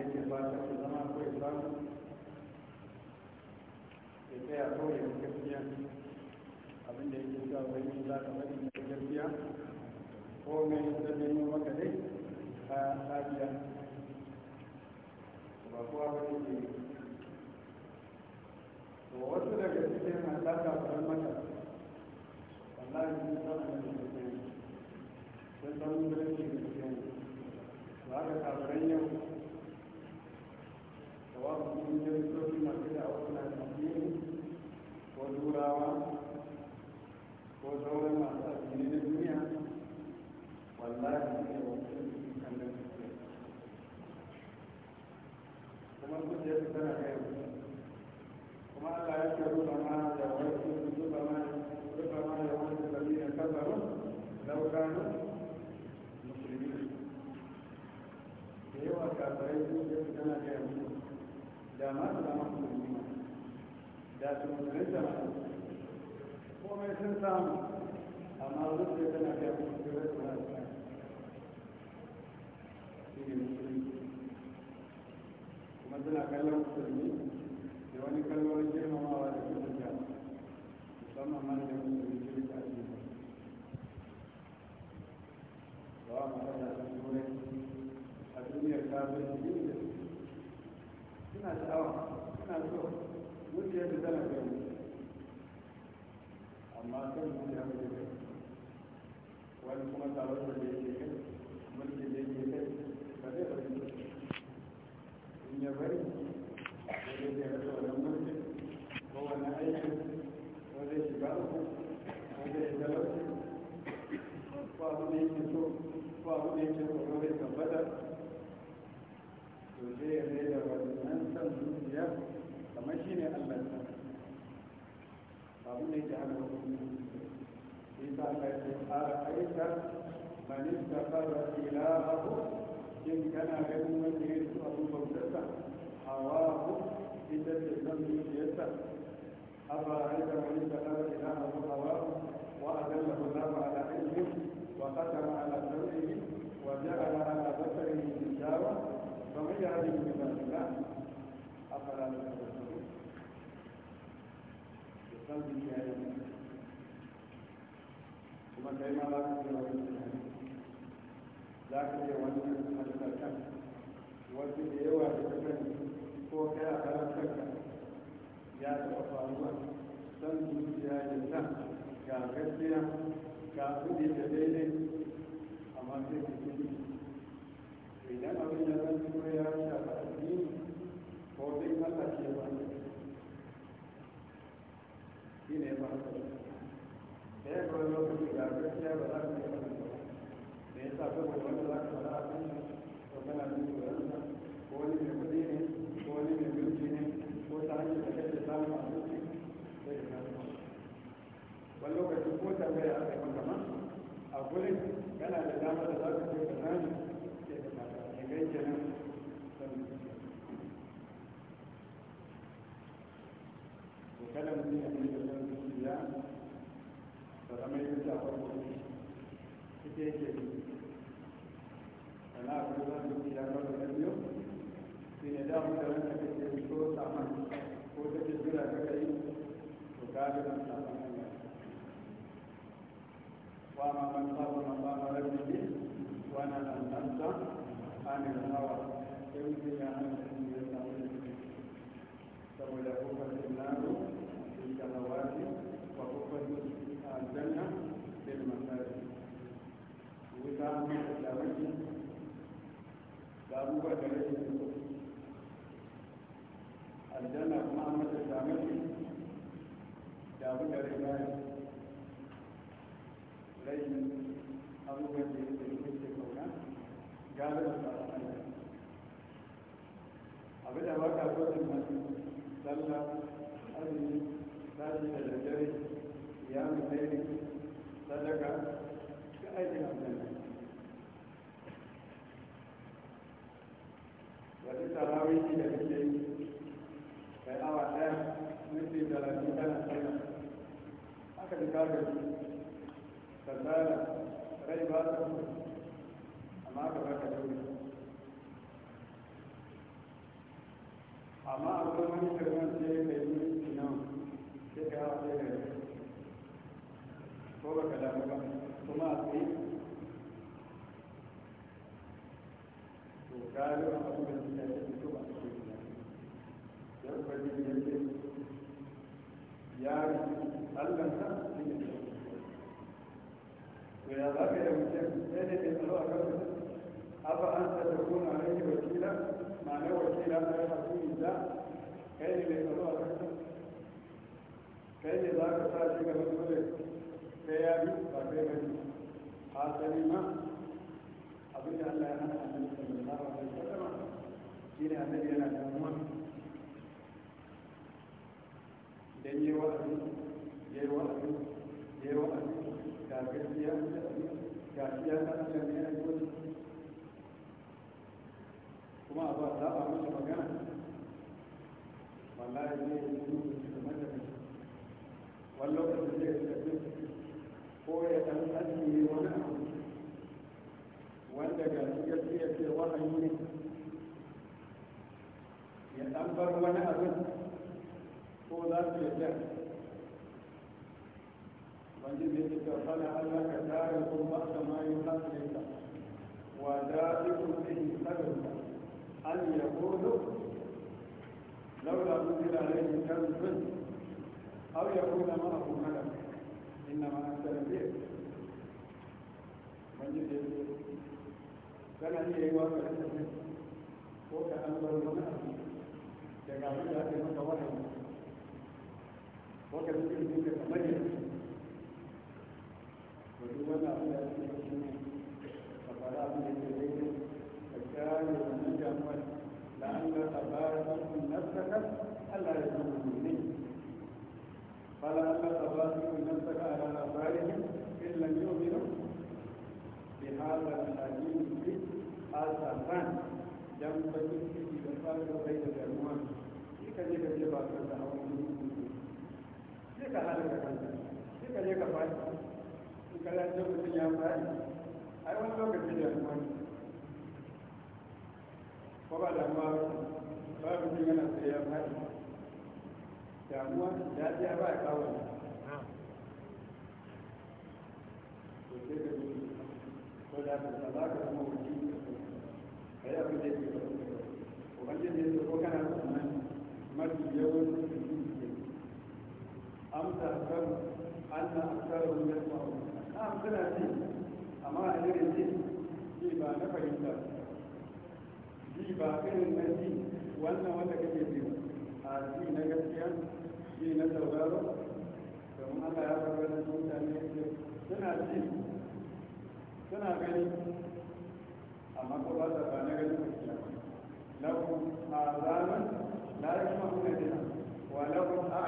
yake ba ta ke zama ko ya samu ya tsaya kawai da gaskiya abinda yake zuwa wani za ka bari da gaskiya ko mai zanen yi maka dai ta tafiya ba kowa ba ne ke to wasu daga cikin halaka su zama ta wallahi sun zama da gaskiya sun zama da gaskiya ba ka kafaran yau sawa'un cikin jami'o'i masu da aukuna da addini ko turawa ko sauran masu addini na duniya wallahi ne kuma tana kai kuma Allah ya ce ruwa da ma su zama da sun samu amma tana shi ne kuma suna kallon musulmi da wani kalmar girmamawa da mutunta musamman suna sha'awa suna so zuciyar da tana kai amma kan zuci haka da wani kuma sabon da yake kai mulki da yake kai ba zai bari in ya bari wani zai rasa wannan mulkin ko wani aikin ko zai shiga uku ko zai talauci ko abu da yake so ko abu da yake so ko zai tabbata to zai ya zai da wani abin da yake hana wani isa ka ce a aika manista fara ilahahu in kana ganin wanda ya su abin bautarsa hawahu ita ce zan zuciyarsa أبا عيسى من اتخذ إلهه هواه وأذله الله على علمه وختم على kan su ya yi kuma kai ma za ka ce wani tunani za ka ce wannan halittar wasu da yawa da ta sani ko kai a karan kanka ya taɓa faruwa san zuciya ya sa ga gaskiya ga kudi da daidai amma sai ku idan abin da zan tura ya shafa azumi tashi da daddare ya mai sadaka ga aikin aljanna wata tarawihi da kake kai awa ɗaya minti talatin tana sallah haka da ka gaji kasala rai ba ta amma ka ba dole amma akwai wani ko baka damu ba kuma a tsaye to gari a abubuwan da ya fito ba su yi da ya kwaji ya ce ya allanta shi ne to ya za ka yi mutum sai da ke tsaro a kan mutum afa an ta da kuma a rai wakila ma'anar wakila a rai hakuri da kai ne mai tsaro a kan kai ne za ka sa shi ga mutum sai ya bi ba sai ba ne hasali ma abin da Allah ya hana annabi sallallahu alaihi wasallam shine annabi yana da damuwa dan yi wa'azi yayi yi yayi wa'azi ga gaskiya ga siyasa ta ne yana yi kuma a ba ta ba masa magana wallahi ne ya yi gudu da mata wani lokacin da ya tafi ko ya dan ajiye wani abu wanda ga shi ya ce ce wahayi ne ya ɗan bar wani abin ko za su yi jan wanda zai ce ta fana Allah ka tare ko ba ta ma yi hasalita wa da ikon zai sadauka an ya kodo laula mun jira rai kan sun au ya kuna ma abu da inna ma an tsara zai wani da yake kana iya yi waka ne ko ka an bar wani abu daga abin da ake maka wahayi ko ka zuke zuke ka bari to duk wannan abin da ake yi shi ne ka fara abin da yake daidai ka kyale wannan damuwar la'an ka tabara ɗan nafsaka Allah ya zama mu'min فلا ألا تباسم نفسك على آثارهم إن لم يؤمنوا بهذا الحديث da da je ka je ba ka ka ka damuwa dajiya ba ya kawo ne to da ka zama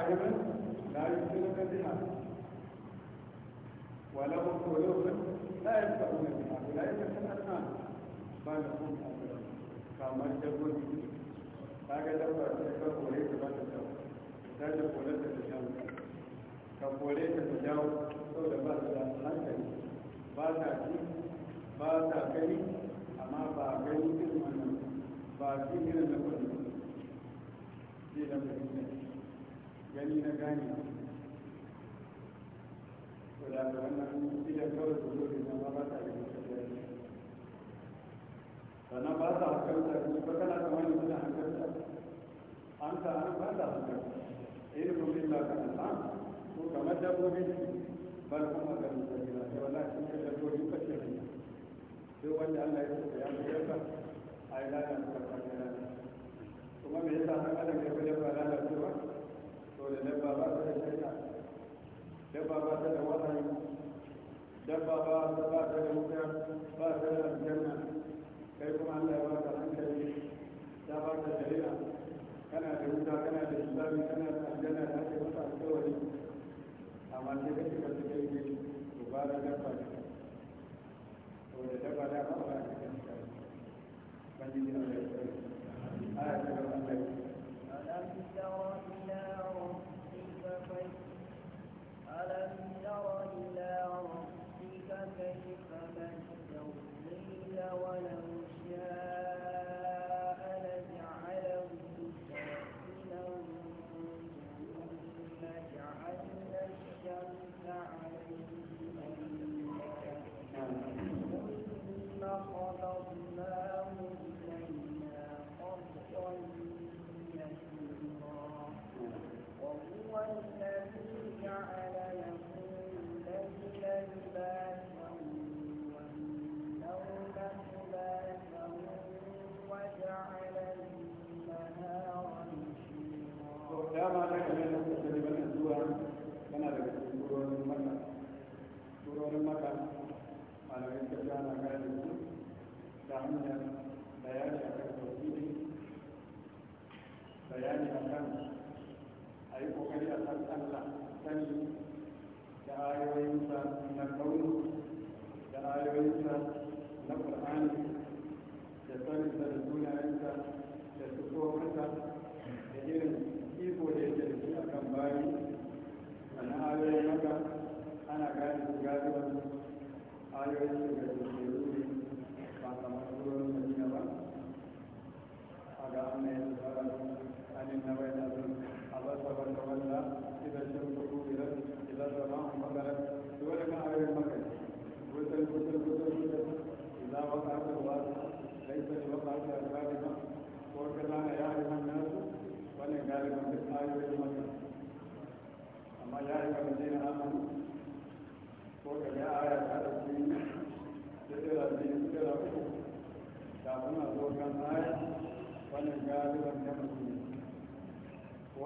عجبا لا يمكنك بها ولو قلوبا لا بها اولئك الاسنان gani irin wannan gani na gane to da ba wannan idan kawai su zo da ba ta yi sannan ba ta hankalta ne ba kana kamar yanzu da hankalta an ta an ba ta hankalta ilimin ka ko kamar dabbobi kuma ga mutane wala shi dabbobi dabba ba ta da wahayi dabba ba ta ba ta da wuta ba ta da aljanna kai kuma Allah ya ba ta hankali ta ba ta shari'a kana da wuta kana da islami kana da aljanna da ake masa alkawari amma ce ka shiga cikin gidi to ba da dabba ne da dabba da ba ba ta kan shi ban ji Allah tsare آية الله ألم تر إلى ألم ير إلى ربك كيف مد الظل ولو samu bayani a kan tauhidi bayani a kan a yi kokari a san allah sani da ayoyinsa na kauni da ayoyinsa na qur'ani da sanin da sunayensa da sukowarsa da irin iko da yake da shi a kan bayi a na ayoyin haka ana gane su gane wasu ayoyin su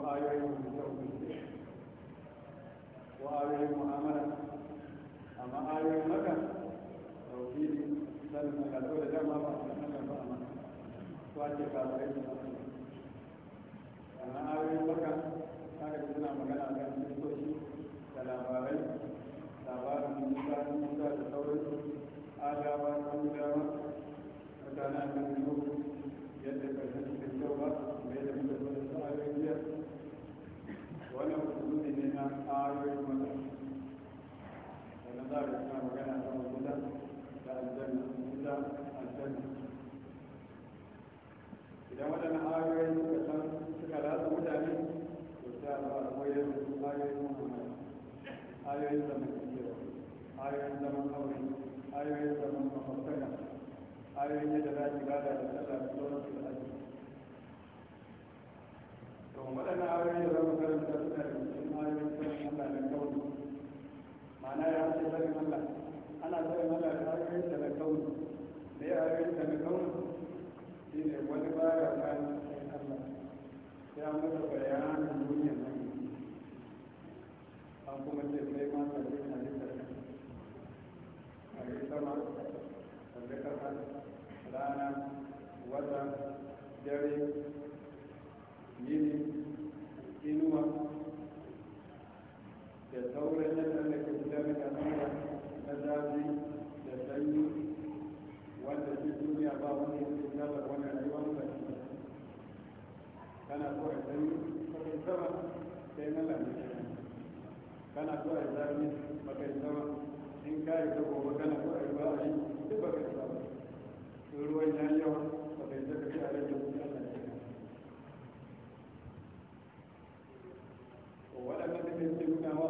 وآيوين التوحيد وآيوين المعاملة أما آيوين مكة توحيد سلم الأدولة جمع بعض السلم فأما واجب على أما آيوين مكة kaga da suna magana a kan kristoci da labarai labarin musa musa da sauransu adawa da mudawa mutanen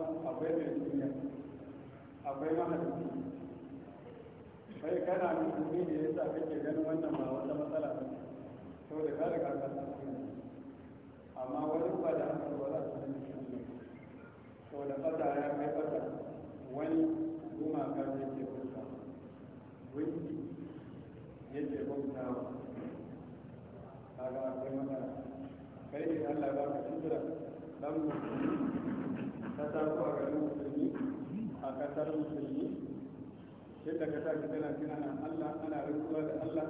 akwai mai duniya akwai bai ne yasa kake ganin wannan ba matsala sau da amma wani ba da ba za su sau da fata ya kai fata wani gumaka da yake bauta gunki yake bauta wa kaga akwai kai ne allah ba ka dan ta a garin musulmi a kasar musulmi yadda ka sa ki tana na Allah ana rikuwa da Allah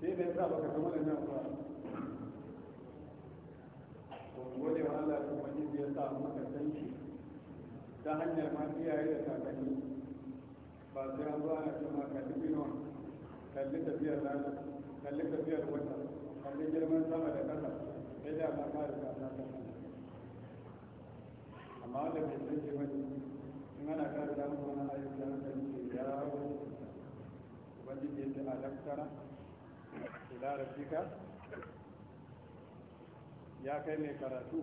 sai da sa baka kama da nan ba to gode wa Allah ko wani ya sa maka sanki ta hanyar ma iyaye da kakanni ba sai an zo ana ma kalli binon kalli tafiyar rana kalli tafiyar wata kalli girman sama da kasa sai da ba ka da ƙasa amma da bai sake ba in ana kare da mutum wani ayyuka na kan ce ya wani ubangiji ya ce alaktara ila rafika ya kai mai karatu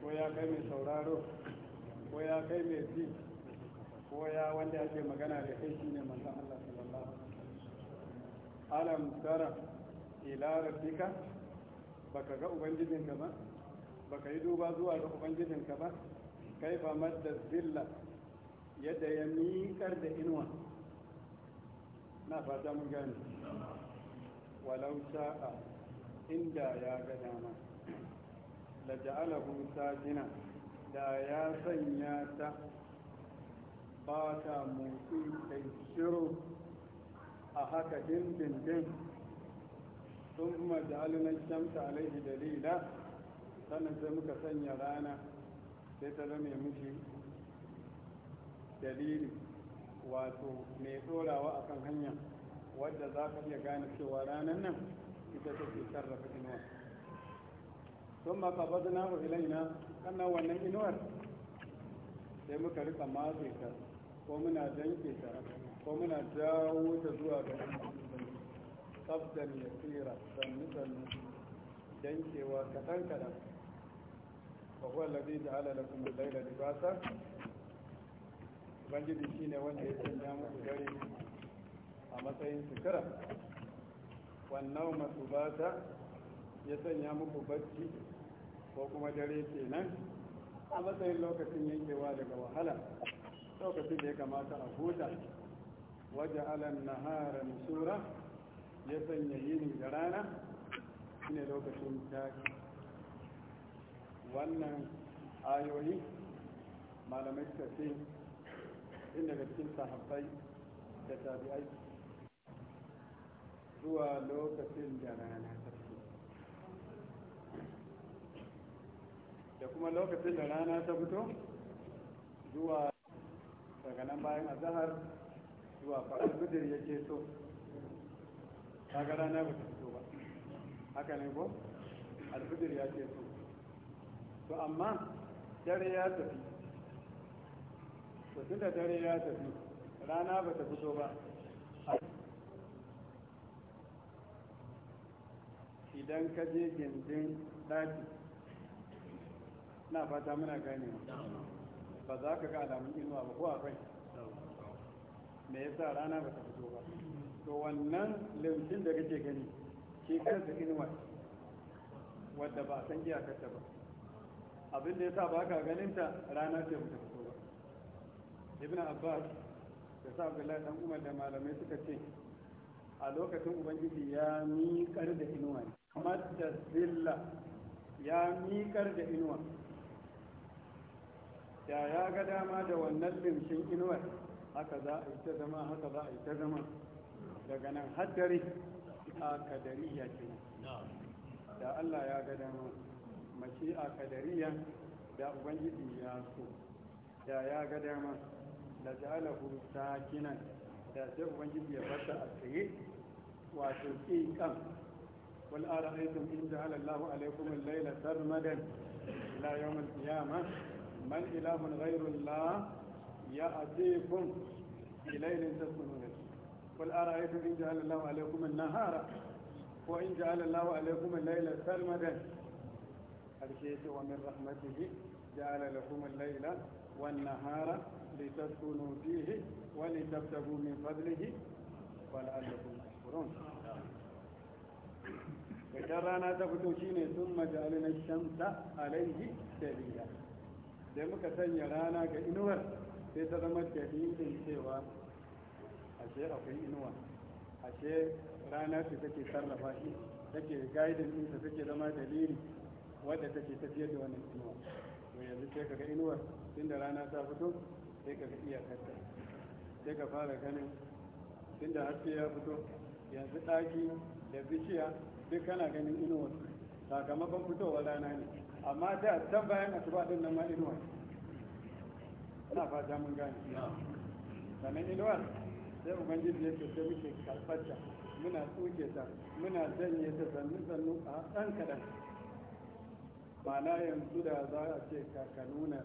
ko ya kai mai sauraro ko ya kai mai fi ko ya wanda ake magana da kai shine manzon Allah sallallahu alaihi wasallam alam tara ila rabbika baka ga ubangijin gaba baka yi duba zuwa ga ubangijinka ba kaifa madda zilla yadda ya miƙar da inuwa na fata mun gani walau sha'a inda ya ga dama la hu sajina da ya sanya ta ba ta motsi kai shiru a haka dindindin sun ja'alunan shamsa alaihi dalila sannan sai muka sanya rana sai ta zama mushi dalili wato mai tsorawa a kan hanya wadda za ka iya gane cewa ranar nan ita take sarrafa inuwar sun maka bazina wa ilaina kana wannan inuwar sai muka rika matse ta ko muna danke ta ko muna jawo ta zuwa ga tsabtan ya tsira sannu sannu dankewa kaɗan kaɗan da الذي جعل لكم da لباسا ubangiji ne wanda ya sanya musu dare a matsayin shekara wannan masu bata ya sanya muku bacci ko kuma dare nan a matsayin lokacin yankewa daga wahala lokacin da ya kamata a huta waje alan nahara nusura ya sanya yini da rana shine lokacin tashi wannan ayoyi malamai suka ce inda daga cikin sahabbai da tabi'ai zuwa lokacin da rana ta fito da kuma lokacin da rana ta fito zuwa daga nan bayan azahar zuwa faɗar bidir ya ce so kaga rana ba ta fito ba haka ne ko alfidir ya ce so to amma dare ya tafi to tun da dare ya tafi rana ba ta fito ba idan ka je gindin ɗaki na fata muna ganewa ba za ka ga alamun inuwa ba ko akwai me yasa rana ba ta fito ba to wannan limshin da kake gani shi kansa inuwa wadda ba san iyakarta ba abin da ya sa ba ka ganinta rana ce mutu fito ba ibn abbas da sa abdullahi dan umar da malamai suka ce a lokacin ubangiji ya miƙar da inuwa kamar da zilla ya miƙar da inuwa ya ya ga dama da wannan limshin inuwar haka za a yi ta zama haka za a yi ta zama daga nan haddare a ya ke da allah ya ga dama mashi'a kadariyan da ubangiji ya so da ya ga dama da ja'alahu sakinan da sai ubangiji ya bata a tsaye wato ƙiƙan wal ara'aytum in ja'ala Allahu alaykum al-layla sarmadan ila yawm al-qiyamah man ilahun ghayru Allah ya'tikum ilayhin tasmunun قل أرأيتم إن جعل الله عليكم النهار وإن جعل الله عليكم الليل سرمدا karshe ce wa min rahmatihi ja'ala lakum al-laila wan nahara litaskunu fihi wa litabtagu min fadlihi wa la'allakum tashkurun idan rana ta fito shine sun majalin shamsa alaihi dalila Da muka sanya rana ga inuwar sai ta zama dalilin cewa ashe akwai inuwa ashe rana ce take sarrafa shi take gaidin ɗinsa take zama dalili wadda take tafiyar da wannan inuwa to yanzu sai kaga inuwar tunda rana ta fito sai kaga iyakarta sai ka fara ganin tunda haske ya fito yanzu daki da bishiya duk kana ganin inuwar sakamakon fitowar rana ne amma da can bayan asuba din nan ma inuwar ina fata mun gane sannan inuwar sai ubangiji ya ce sai muke karɓar muna tsoke ta muna janye ta sannu sannu a ɗan kaɗan mana yanzu da za a ce ka nuna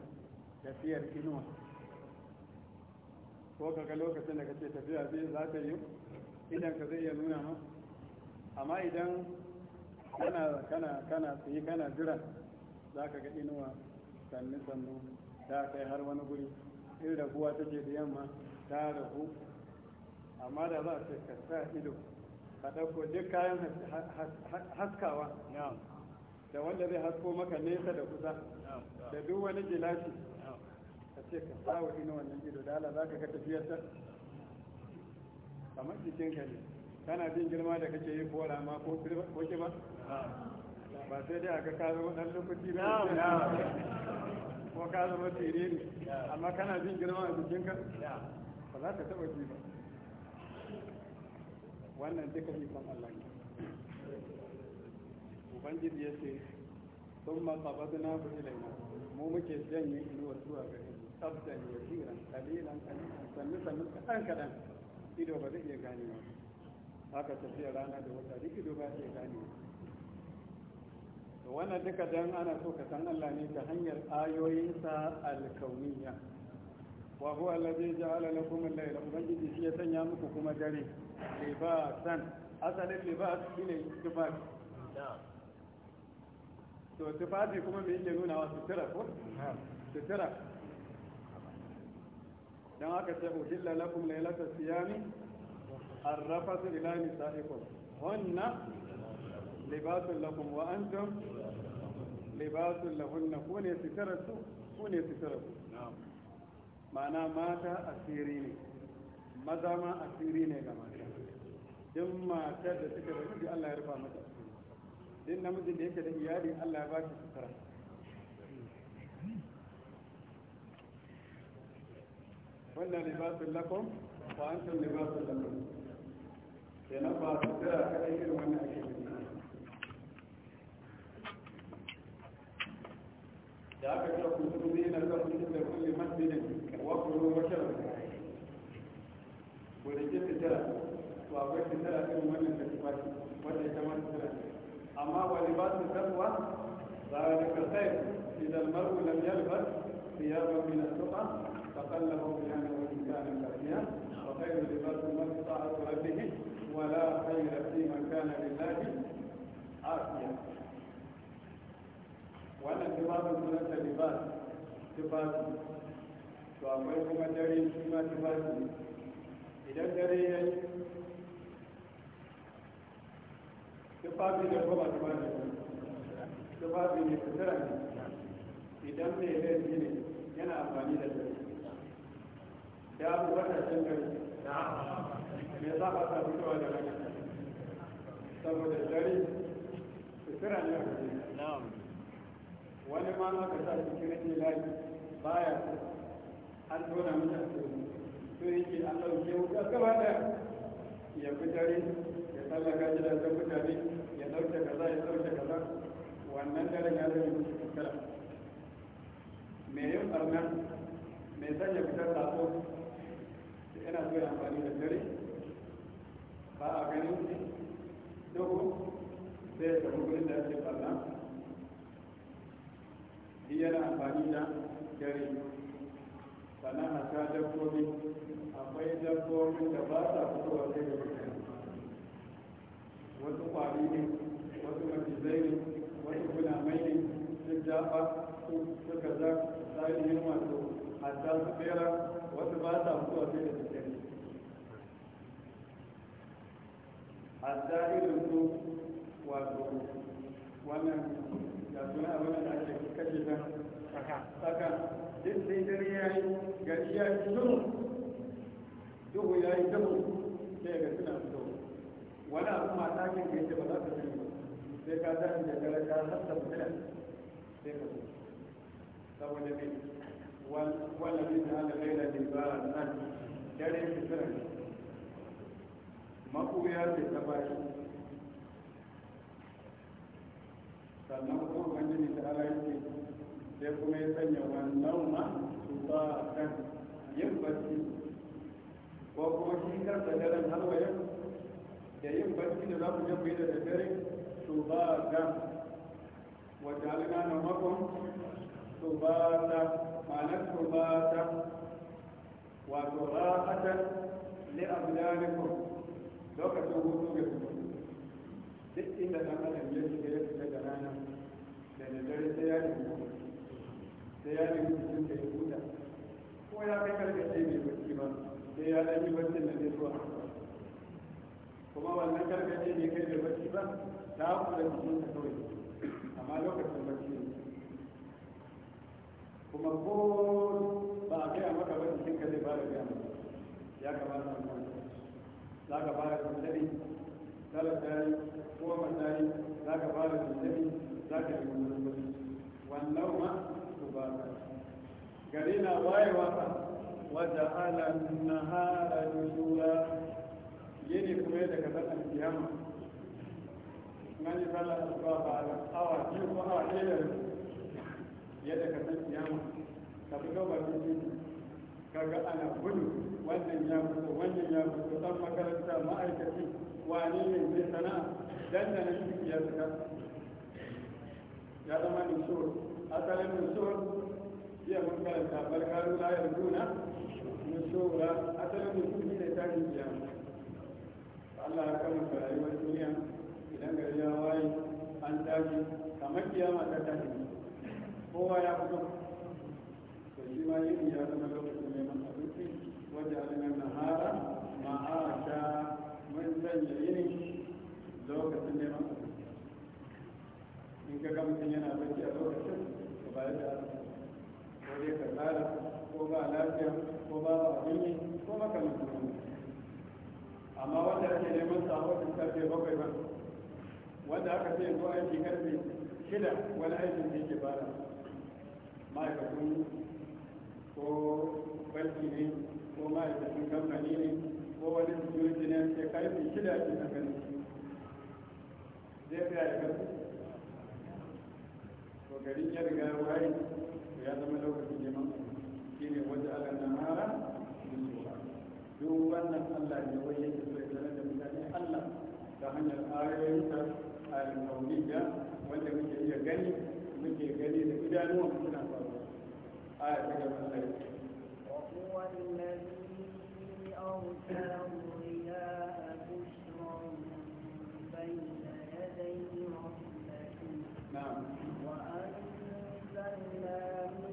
tafiyar inuwa ko kaga lokacin da ka ce tafiya zai za ta yi idan ka zai iya nuna ma amma idan kana kana kana tsaye kana jira za ka ga inuwa sannu sannu ta kai har wani guri in raguwa ta take da yamma ta ragu amma da za a ce ka sa ido ka ɗauko duk kayan haskawa da wanda zai hasko maka nesa da kusa da duk wani gilashi ka ce ka sawa ina wannan ido da ala za ka ka tafiyar ta kamar jikin ka ne kana jin girma da kake yi kora ma ko ki ba ba sai dai aka ka zama dan lokaci ba ko ka zama tiriri amma kana jin girma a jikinka ba za ka taba ji ba wannan duka ikon Allah ne ubangiji ya ce sun makabata na fi ilaina mu muke janye inuwar zuwa gare mu tsabtan ya jiran kalilan kalilan sannu sannu kaɗan kaɗan ido ba zai iya Ba haka tafiya rana da wata duk ido ba zai ba wannan duka dan ana so ka san Allah ne ta hanyar ayoyinsa alkauniya wa huwa allazi ja'ala lakum al-layla ubangiji shi ya sanya muku kuma dare libasan asalin libas shine kibaki na'am to tufafi kuma mai yake nuna wa sutura ko sutura Don haka sai uhilla lakum lailatul siyami su ila nisaikum wannan libasun lakum wa antum libasun lahunna na kone sutura su Kone sutura ku ma'ana mata asiri ne maza ma asiri ne ga mata duk mata da suka rufi Allah ya rufa mata asiri din namijin da yake da iyali Allah ya ba shi sutura wannan libasin lakon, ba an san libasin lakum kenan ba su sutura kada irin wannan ake da aka ce ku su ne na zuwa cikin da kulle masjidin wa kullu bashar ko da ke fitara to akwai fitara irin wannan da tufafi wanda ya kamata fitara أما ولباس التقوى ذلك خير إذا المرء لم يلبس ثيابا من التقى تقلبه بأن وإن كان كافيا وخير لباس المرء طاعة ربه ولا خير في من كان لله عافيا وأنا اتباع سنة لباس لباس to akwai ما dare إذا ma tufafi da kuma tufafi tufafi ne sutura ne idan mai laifi ne yana amfani da su da abu wata can gari me za a sa fitowa da rana saboda dare sutura ne a gari wani ma aka sa cikin rikin lafi baya an tona mutane su yake an ɗauke wuta gaba da ya fi dare Allah ka ji da san mutane ya dauke kaza ya dauke kaza wannan daren ya zama musu kankara me yin barna me sanya fitar sako yana so ya amfani da dare ba a ganin dogo sai ya samu gurin da ake barna shi yana amfani da dare sannan a ta dabbobi akwai dabbobin da ba sa fitowa sai da mutane wasu kwari ne wasu macizai ne wasu gulamai ne sun jafa, su suka za yin wato hatta su fera wasu ba sa zuwa sai da daddare hatta irin su wato wannan ya suna abin da ake kashe ta saka duk sai dare ya yi gari ya yi duhu ya yi duhu sai ga suna fitowa wani abu ma kin da yake ba za ka sani ba sai ka tashi da dare ka hasta mutuna sai ka zo saboda me wannan bin da ala gaira ne ba a nan dare shi sira ne makuya ce ta bashi sannan kuma ne ta ala yake sai kuma ya sanya wannan ma su ba a kan yin barci ko kuma shi kansa daren har wa Yayin yin barci da za ku je ku yi da daddare to ba da wata halina na makon to ba da ma'anar to ba da wato ra'atar li abdanikum lokacin hutu ga su duk inda ɗan adam ya shiga ya fita da rana da dare sai ya nemi sai ya nemi cikin da ya huta ko ya kai karkace mai barci ba sai ya ɗan yi barcin da zai zuwa kuma wannan gargaɗe ne kai da barci ba ta kula jikin ka kawai amma lokacin barci ne kuma ko ba a gaya maka ba jikin ka zai fara gaya maka ya kamata a kan za ka fara tunani talar tari ko matsari za ka fara tunani za ka yi wannan wani wannan ma su ba ka gari na wayewa ba wajen ala nahara nusura yene kuma yadda ka san alkiyama nan yi sallar asuba ba a awa biyu ko awa ɗaya da yadda ka san kiyama ka fi gaba ka ga ana gudu wannan ya fito wannan ya fito ɗan makaranta ma'aikaci wane ne zai sana'a dan da nan ciki ya saka ya zama nushur asalin nushur iya mun karanta barkaru la so ba. asalin nushur ne ta kiyama Allah ya kama karanta rayuwar duniya idan gari ya waye an tashi kamar kiyama ta tashi kowa ya fito to shi ma yin ya zama lokacin neman abinci wajen alimin nahara ta mun sanya yini lokacin neman abinci in ka ga mutum yana bacci a lokacin ka ba da ko dai ka tsara ko ba lafiya ko ba abin yi ko makamantan amma wanda ake neman samu wata karfe bakwai ba wanda aka ce yanzu aiki karfe shida wani aikin da yake bada ma'aikatun ko banki ne ko ma'aikatun kamfani ne ko wani security ne sai karfe shida ake gani zai tsaya da karfe to garin ya riga waye ya zama lokacin neman shi ne wajen alannan hara duk wannan Allah ne wai yake so ya sanar da mutane Allah ta hanyar ayoyinsa al-mawlida wanda muke iya gani muke gani da idanuwan suna faruwa aya ta gaba Allah ya ce وهو الذي أرسل الرياح بشرا بين يدي رحمته نعم وأنزلنا من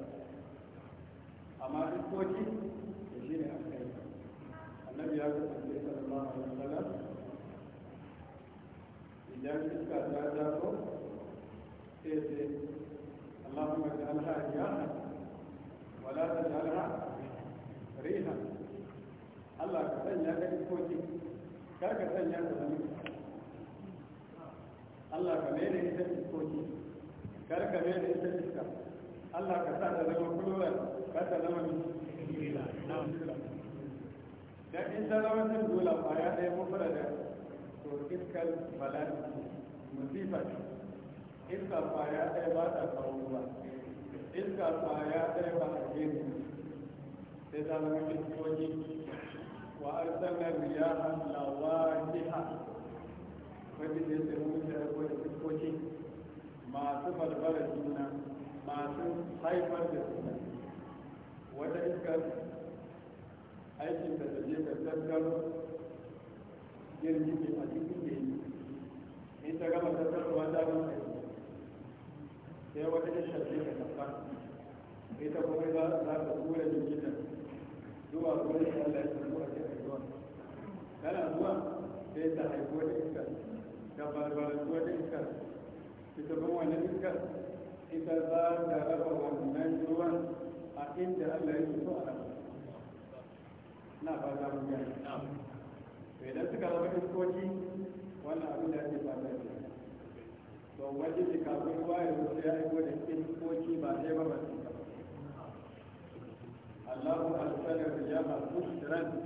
amma duk koki da shi ne aka yi annabi ya kasance sallallahu alaihi wasallam idan iska ta jaso sai sai اللهم اجعلها Allah ولا تجعلها ريحا الله كسنيا كتكوتي كار كسنيا كتكوتي Allah ka mene ita iskoki kar ka mene ita iska Allah ka sa ta zama kuluran kata zama Da in ta zama ta dola baya ɗaya mafara da to iskar bala'i musifa iska baya ɗaya ba ta kawo ruwa iska baya ɗaya ba ta gani sai ta zama kiskoki wa arsalar riyaha lawajiha wajen da sai mun da rago da kiskoki masu balbala juna masu haifar da juna tattar aikin da ta je ka tattar girgin a cikin da yi in ta gama tattarwa ta gama aiki sai wata ta shafi ka tafa ita kuma za za ta tura jirgin nan zuwa da Allah ya samu a cikin zuwa tana zuwa sai ta haifo da iska ta barbara zuwa da iska ita kuma wannan iska ita za ta raba wannan ruwan inda Allah ya so a na ba za mu gani to idan suka zama iskoki wannan abin da ake fata ne to wajen da kafin ruwa ya zo ya aiko da iskoki ba sai ba ba su Allahu arsala rijala ya bayna mushran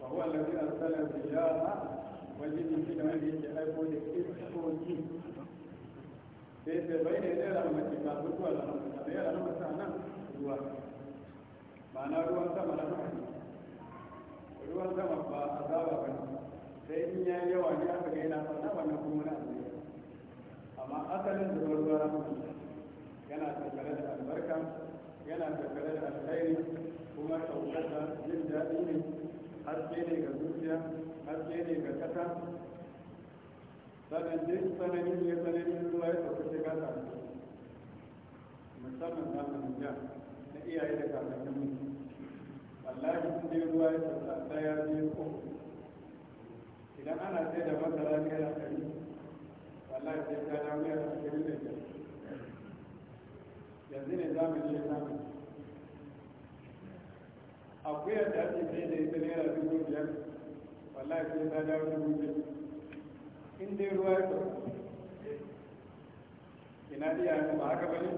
wa huwa وهو arsala rijala الرياح والذي في العلم يأكل الإسكوتي sai sai bai da ya rahmati ba ku zuwa rahmati da ya rahmata nan ruwa na ruwan sama na rahmati ruwan sama ba a azaba ba ne, sai in ya yawa ne aka ga yana sana na kuma na azaba amma asalin da ruwa rahmati yana tattare da albarka yana tattare da alkhairi kuma ɗaukaka jin daɗi ne haske ne ga zuciya haske ne ga ƙasa sannan da yake sananin ya sananin zuwa ya sauka sai ka samu musamman zamanin ja na iyaye da kakannin mutu wallahi sun dai ruwa ya sauka daya biyu ko idan ana sai da masara ne yana kari wallahi sai ka damu a kari da ke yanzu ne zamani ya zamani akwai yadda ake sai da ita naira dubu biyar wallahi sai ta dawo dubu biyar in dai ruwa ya ɗauko ina iya haka ba haka bane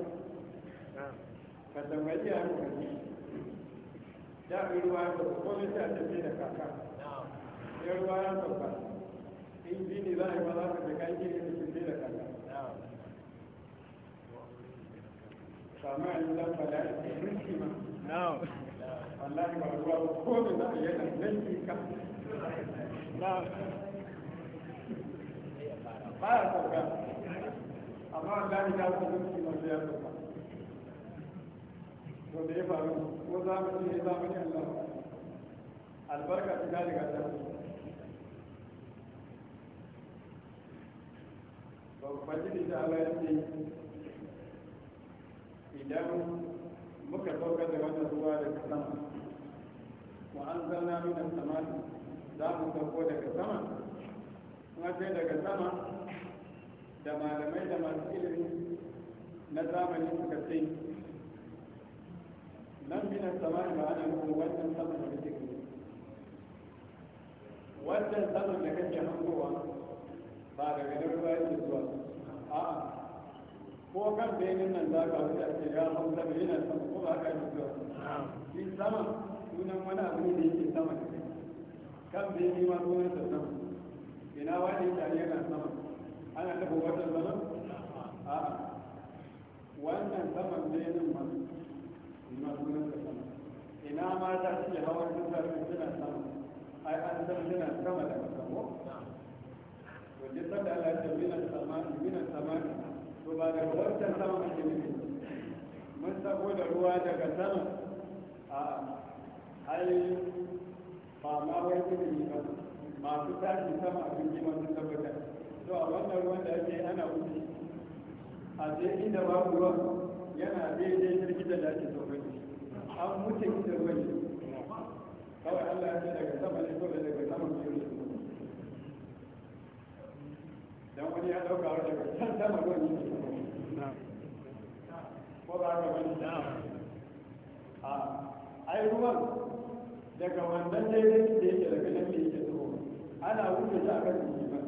ka tambayi iya yanzu ka ji da in ruwa ya ɗauko ko sai a tafi da kaka ya ruwa ya ɗauka in ji ne za a yi ba za ka je kan gini da tafi da kaka samu a yi zan ya ce rinki ma wallahi ba ruwa ko da za a yi yana nan ka ba ya sauka amma an gani ta wata zuci masu ya sauka to da ya faru ko zamani ne zamani Allah albarka ta ta riga ta babban jini ta Allah ya ce idan muka saukar da wannan ruwa daga sama wa an zanna min sama za mu sauko daga sama kuma sai daga sama da malamai da masu ilimi na zamani suka ce nan na sama da ana nufin wannan sama da kake gani wannan sama da kake hangowa ba daga nan ruwa yake zuwa a'a ko kan bayanin nan za ka wuce a ce ya hau sama yana sama ko ba ka yi zuwa shi sama sunan wani abu ne da yake sama kan bayani ma sunan da sama ina wani tare yana sama ana tafi wannan zaman a wannan zaman ne nan masu masu da sama ina ma za su yi hawan duka suna sama ai an san suna sama da kasamo wajen sanda Allah ta minan samani sama samani to ba da wancan sama ake nufi mun sako da ruwa daga sama a ai ba ma wai ilimi ba masu tashi sama sun cikin masu tabbata to a wannan ruwan da ake ana wuce a sai inda babu ruwan yana daidai jirgin da ake sauka an wuce inda ruwan shi kawai allah ya ce daga sama ne kawai daga sama ne yau dan wani ya dauka wani daga can sama ruwan shi ko ba ka wani a ai ruwan daga wannan daidai da yake daga nan ne ana wuce ta kan jiki ba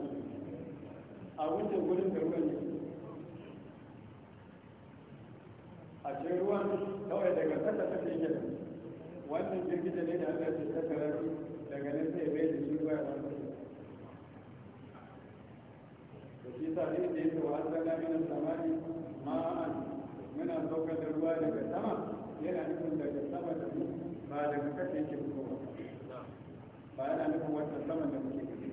a wuce wurin da ruwan yake a ce ruwan kawai daga kasa ta ke gida wannan girgije ne da allah ke tattara daga nan sai mai da shi ruwa ya da shi sa ne da yake wa an zaga mina samari ma'an muna saukar da ruwa daga sama yana nufin daga sama da ba daga ke yake ba. ba yana nufin wata saman da muke gani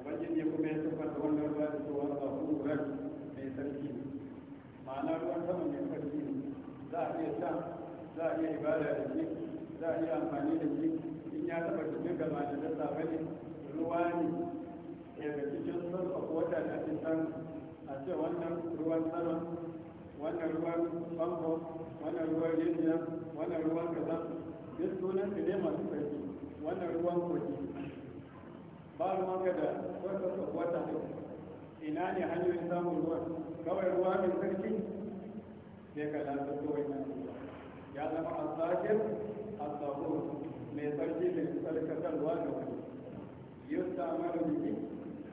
ubangiji kuma ya tabbata wannan ruwa da cewa ba ku ruwan mai sarki ma'ana ruwan sama mai sarki za a iya sha za a iya ibada da shi za a iya amfani da shi in ya taɓa cikin gama da dasa ba ne ruwa ne daga cikin sarrafa wata da ake samu a ce wannan ruwan sama wannan ruwan famfo wannan ruwan rijiya wannan ruwan kaza duk sunan su ne masu sarki wannan ruwan kogi ba ruwan ga da wata wata ina ne hanyoyin samun ruwan kawai ruwa mai sarki sai ka lantar kawai na ya zama asakir asakir mai sarki mai sarkatarwa ga wani yusta mana bihi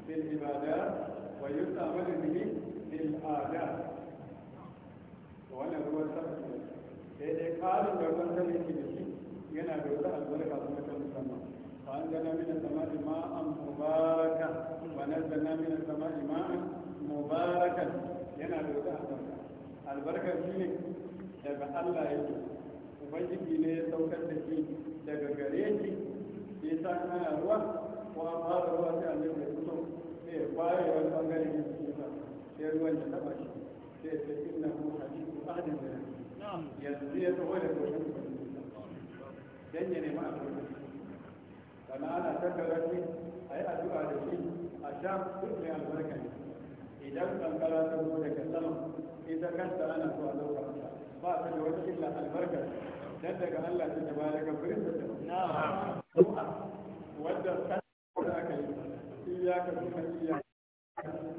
fil ibada wa yusta mana bihi fil ada wannan ruwan sarki sai dai karin da ruwan sarki ne yana da wata albarka kuma ta musamman fa anzalna min as sama ma'an mubaraka wa nazzalna min as sama ma'an mubaraka yana da wata albarka albarka shine daga Allah yake ubangiji ne ya saukar da shi daga gare shi ya sa kana ruwa ko an fara ruwa sai an yi fito sai ya kware wani bangare ne sai ruwan ya taba shi sai ya ce innahu hadithu ahdin yanzu ya tawo da koshin dan ya nemi abin sannan ana tattara shi a yi addu'a da shi a sha duk mai albarka ne idan kankara ta zo daga sama ita kanta ana so a ɗauka ba ta da wata illa albarka dan daga Allah ta ba daga gurin da ta na'am wanda kanta aka yi iyaka kuma ya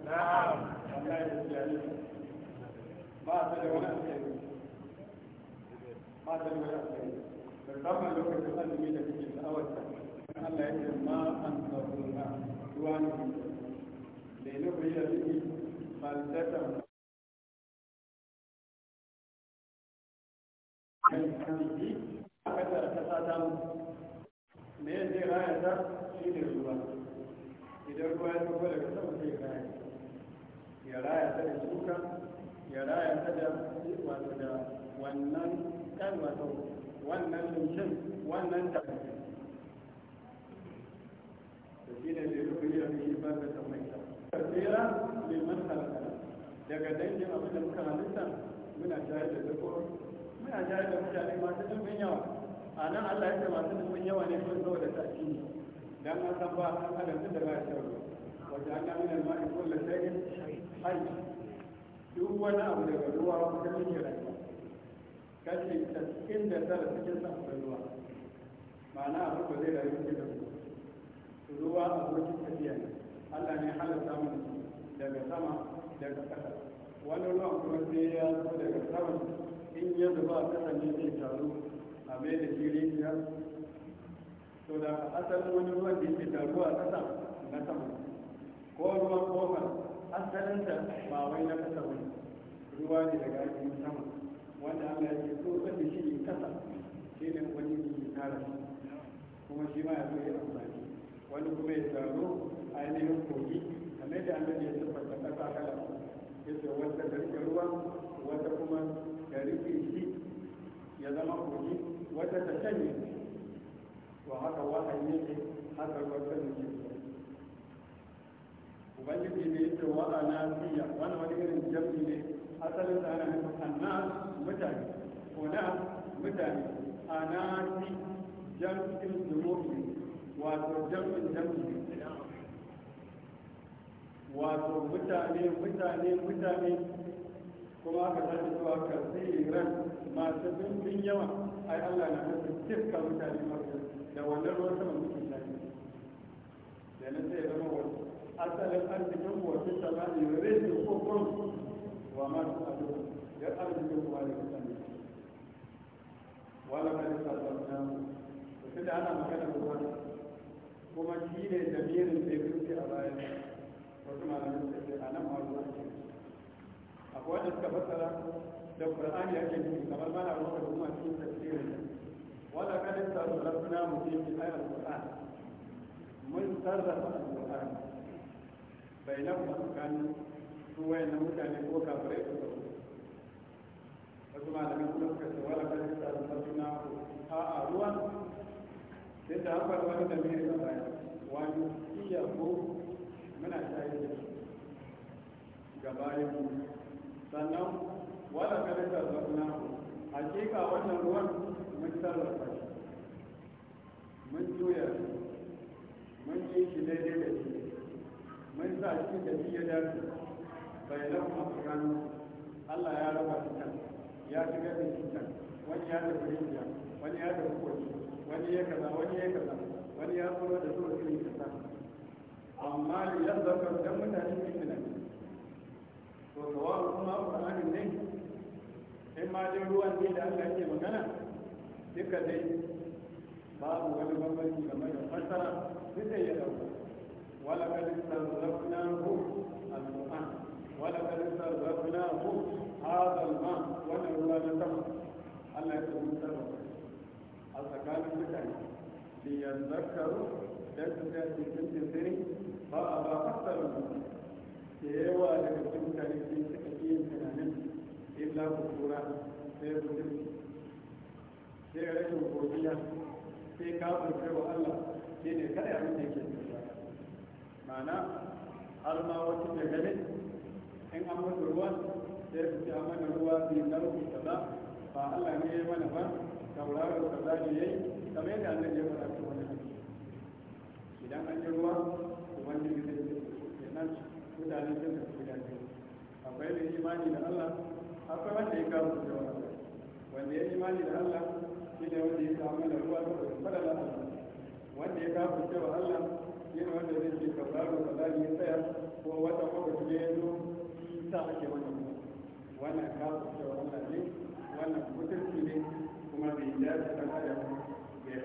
na'am Allah ya kiyaye ba ta da wani alheri ba ta da wani alheri musamman lokacin azumi da kake sha'awarsa Allah ya ce ma an tsaruna ruwa ne da yi lokacin da suke falsata a kasar kasa ta mu me ya zai raya ta shi ne ruwa idan ruwa ya tafi daga sama zai raya ya raya ta da shuka ya raya ta da wato da wannan kan wato wannan mutum wannan tafi da shi ne da rukuni a cikin ba da ita tsira mai halaka daga dangin abin da muka halitta muna shayar da wani muna shayar da mutane masu dubbin yawa a nan allah ya ce masu dubbin yawa ne kuma zo da tafi ne dan an san ba an adam da ba shi wajen an nan min al-ma'i ne shay'in hayy duk wani abu daga ruwa kuma yake rayuwa kashi taskin da tara suke sa akwai ruwa ma'ana a ba zai rayu cikin da ruwa a wajen tafiya ne allah ne halatta samun daga sama daga ƙasa wani ruwan kuma sai ya zo daga sama in ya zuba a ƙasa ne zai taru a mai da shi rijiya to da asalin wani ruwan da yake taruwa a ƙasa na sama ko ruwan kofar asalinsa ba wai na ƙasa wani ruwa ne daga ainihin sama wanda Allah ya ce so kan da kasa shi ne wani ne tara kuma shi ma ya zo ya amfani wani kuma ya zaro ainihin kogi kamar da Allah ya siffanta kasa kala ya ce wata da rike ruwa wata kuma da rike shi ya zama kogi wata ta shanye wa haka wahayi yake haka wata da ke ubangiji ne ya ce wa'ana siya wani wani irin jam'i ne asalin sa ana nufin annas mutane ona mutane anasi jam'in jumu'i wato jam'in jam'i wato mutane mutane mutane kuma aka tashi zuwa kasiran masu dimbin yawa ai Allah na nufin dukkan mutane masu da wannan ruwan sama mutum na ne da sai zama wasu asalin arzikin wasu samani rai ko وما تسألون يسأل منكم وليس منكم ولقد صدقناه وكذا أنا مكان kuma shi ne damirin da ya fi a bayan wasu malamin da ke a nan ma zuwa ce akwai suka fassara da qur'ani yake nufi kamar mana ruwa da kuma cikin tafsirin wala kada ta mun sarrafa su na mutane ko kafirai su ka wasu malamin kuma suka ce wala kan sa da suna a a ruwan sai da haka wani da mai da baya wani iya ko muna shayi da ga bayan mu sannan wala kan sa da suna hakika wannan ruwan mun sarrafa shi mun juya mun yi shi daidai da shi mun sa shi da shi ya dace bai lafa tsakanin Allah ya raba su can ya shiga gani shi can wani ya dafa rijiya wani ya dafa kwaji wani ya kaza wani ya kaza wani ya tsoro da tsoro irin kaza amma ya zaka dan mutane su yi nan to sawa'u kuma Qur'anin ne in ma dai ruwan ne da aka ke magana duka dai babu wani bambanci game da fassara duka ya dauka wala kad sanzafnahu ولقد استرزقناهم هذا الماء ونعم نتمه الله يسلم سلم أتكان سكن ليذكروا تسجد في كل سن فأبى أكثر منهم سيوا لكتب كريم سكتين سنانين إلا كفورا سيبتم sai rashin godiya sai kafin cewa Allah shi ne kada abin da yake ma'ana har ma wata da gane in an mata ruwa sai da ce amma da ruwa bi nau'i kaza ba Allah ne ya mana ba tauraro kaza ne yi kamar yadda Allah ya fara su wani hanyar. idan an yi ruwa ubangiji zai ce kenan mutane sun ka fi dace akwai mai imani da Allah akwai wanda ya kawo da jawa wanda ya imani da Allah shi ne wanda ya samu da ruwa da fara da Allah wanda ya kawo da Allah shi ne wanda zai ce tauraro kaza ne ya tsaya ko wata ne ya zo shi ake wani ku wannan kawo cewa Allah ne wannan mutunci ne kuma bai ta da adam ya yi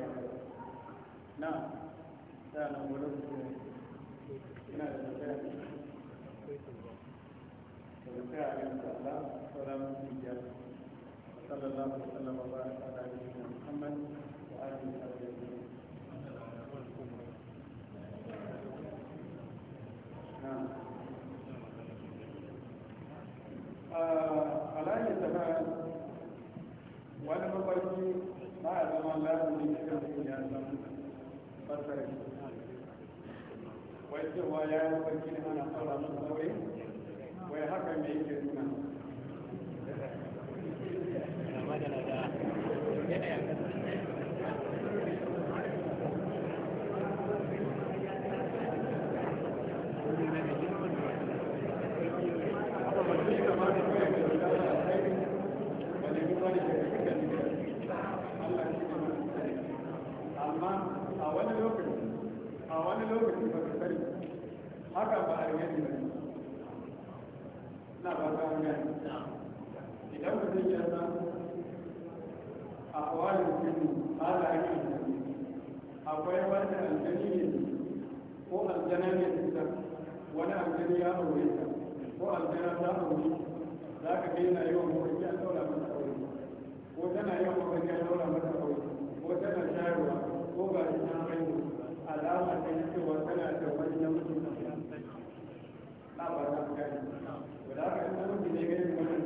na da nan wani su ina da tafiya ne da ne da Allah sauran biyar sallallahu alaihi wa sallam wa wa alaƙi zama wani mafarki ba a zama lazumi da kan ya zama fasari wai cewa ya yi mafarki ana fara masa wai haka mai yake nuna ya aure ta ko aljana ta aure za ka yawan mata aure ko tana yawan mafarki an daura mata aure ko tana shayarwa ko shi ta alama ta yi cewa tana da wani namiji na ba gani. ne